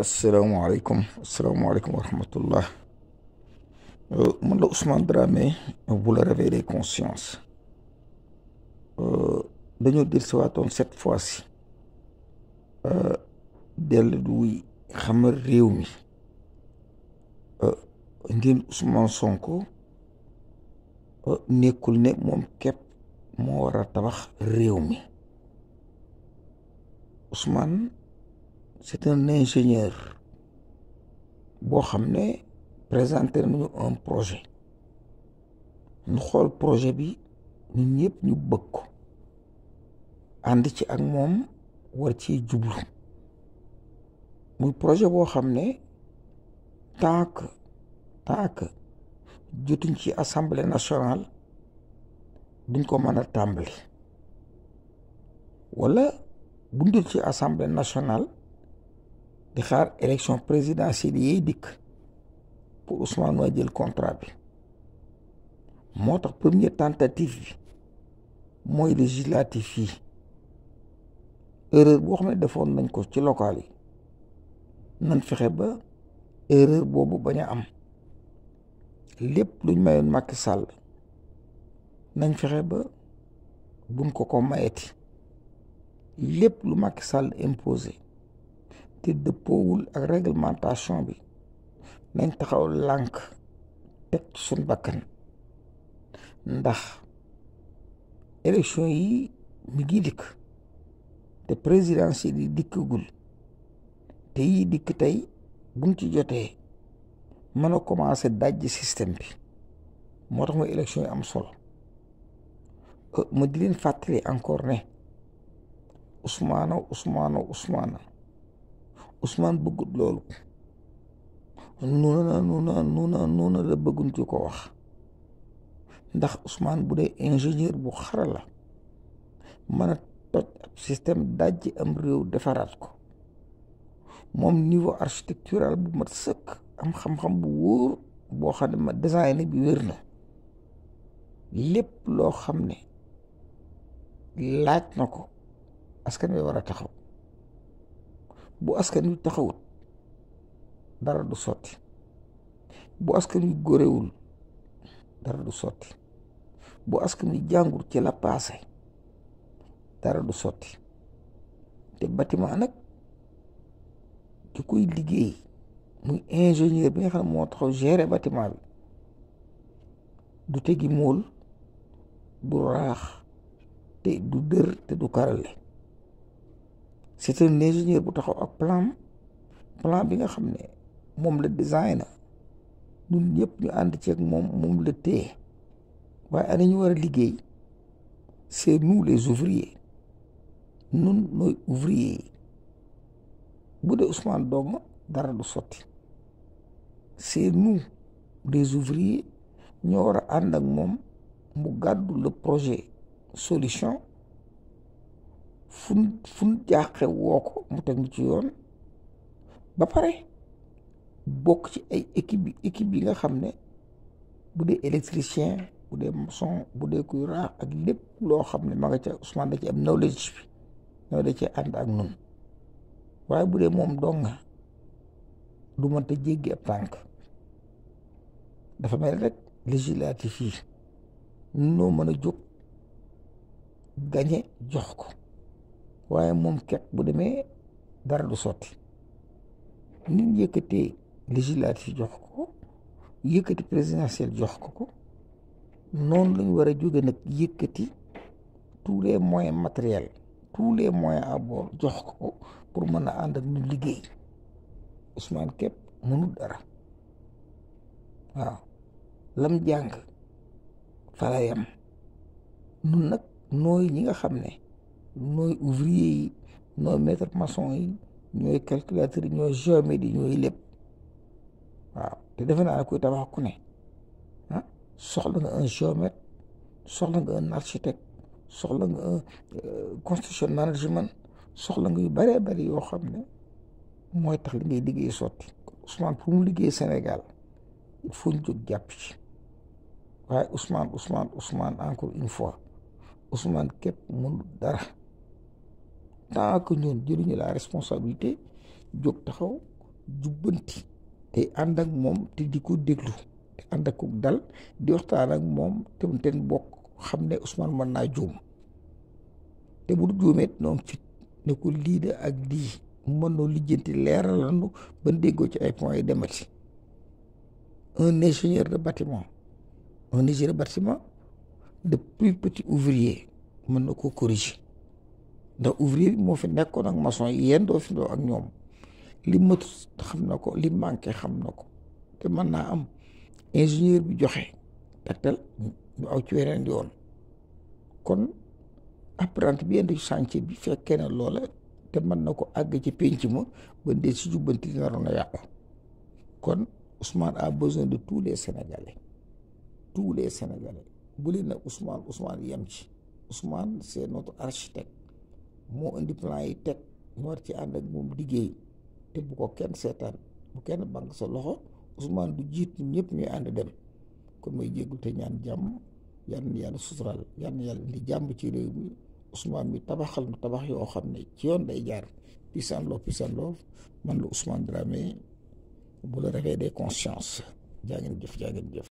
asalaamaaleykum asalaamaaleykum wa rahmatullah euh, man la Ousmane Dramé vous le réveil euh, dañoo del siwaatoon cette fois-ci euh, dell duy xamal réew mi ngeen Ousmane Sonko nekkul ne moom képp moo war a tabax réew mi Ousmane c'est un ingénieur boo xam ne présenté nañu un projet ñu xool projet bi ñun ñëpp ñu bëgg ko ànd ci ak moom war ci jublu muy projet boo xam ne taak taak jotuñ ci assemblée nationale duñ ko mën a tàmbali wala buñ dul ci assemblée nationale di xaar élection présidentielle yiy dikk pour Ousmane maa jël contrat bi moo tax première tentative bi mooy législatif yi erreur boo xam ne defoon nañ ko ci local yi nan fexe ba erreur boobu bañ a am lépp luñ mayoon Macky Sall nañ fexe ba buñ ko ko mayeti lépp lu Macky Sall imposé te dëppoowul ak réglementation bi nañ taxaw lànk teg suñ bakkan ndax élection yi mi ngi dikk te présidentielle yi dikkagul te yi dikk tey buñ ci jotee mën a commencé dajji système bi moo tax mooy élection yi am solo euh, ma di leen fàttali encore ne Ousmane Ousmane Ousmane Ousmane bëggut loolu nuuna nuuna nuuna nuuna la bëgguñ ci ko wax ndax Ousmane bu dee ingénieur bu xara la mën a toj ab système dajji am réew defaraat ko moom niveau architectural bu mat sëkk am xam-xam bu wóor boo xam ne ma design bi wér na lépp loo xam ne laaj na ko askan wi war a taxaw bu askan wi taxawut dara du sotti bu askan wi góorewul du sotti bu askan wi jàngur ci la paase dara du sotti te bâtiment nag ki koy liggéey muy ingénieur bi nga xam moo taxaw gérer bâtiment du tegi mool du raax te du dër te du karale c'est un ingénieur bu taxaw ak plan plan bi nga xam ne moom la design na ñun ñëpp ñu ànd ceeg moom moom la téye waaye ana ñu war a liggéey c'est nous les ouvriers nun nooy ouvrier yi bu dee Ousmane Dooma dara du sotti c'est nous les ouvriers ñoo war a ànd ak moom mu gàddu le projet solution fu fu jaaxe woo ko mu teg mu ci yoon ba pare bokk ci ay équipe équipe yi nga xam ne bu dee électricien bu dee maçon bu dee kuy raax ak lépp loo xam ne ma nga ca Ousmane da ci am knowledge bi ñoo da ci ànd ak nun waaye bu dee moom donga du mën ta jéggi tànk dafa mel rek législatif yi noo mën a jóg gañe jox ko waaye moom ket bu demee dara du sotti nit yëkkatee législatif jox ko yëkkati présidentiel jox ko ko noonu lañu war a jóge nag yëkkati tous les moyens matériels tous les moyens à bord jox ko pour mën a ànd ak ñu liggéey Ousmane képp mënul dara waaw lam jàng falayam nun nag nooy ñi nga xam ne ñooy ouvrier yi ñooy maître maçon yi ñooy calculateur yi ñooy géomètre yi ñooy lépp waaw te defe naa ne kuy tabax ah, soxla nga un géomètre soxla nga un architecte soxla nga un euh, construction management soxla nga yu bëree bëri yoo xam ne mooy tax li liggéey sotti Ousmane pour mu liggéey Sénégal il faut ñu jóg jàpp ci waaye Ousmane Ousmane Ousmane encore une fois Ousmane képp mënul dara tant que ñoon jëluñu la responsabilité jóg taxaw jubbanti te ànd ak moom te di ko déglu te ànd ak dal di waxtaan ak moom te mu teen bokk xam ne Ousmane mën naa juum te bu du juumee noonu fit ne ko lii de ak di lii mënoo lijjanti leeral lanu ba déggoo ci ay point yi demati un ingénieur de bâtiment un ingénieur de bâtiment de plus petit ouvrier mën na ko corriger ndax ouvrier moo fi nekkoon ak maçon yi yéen doo fi doo ak ñoom li mët xam na ko li manqué xam na ko te mën naa am ingénieur bi joxe tegtal ñu aw ci weneen yoon kon apprenti bi indi chantier bi fekkee ne loola te mën na ko àgg ci pénc ma ba dee si jubbanti naroon a yàqu kon Ousmane a besoin de tous les Sénégalais tous les Sénégalais bu leen nag Ousmane Ousmane yem ci Ousmane c'est notre architecte moo indi plan yi teg ñu ci ànd ak moom liggéey te bu ko kenn seetaan bu kenn bank sa loxo Ousmane du jiit ñëpp ñuy ànd dem kon may jéggul te ñaan jàmm yal na yàlla sutural yal na yàlla indi jàmm ci réew mi Ousmane mi tabaxal na tabax yoo xam ne ci yoon day jaar peace and man la Ousmane Dramé bu la defee des consciences jàngeen jëf jaa jëf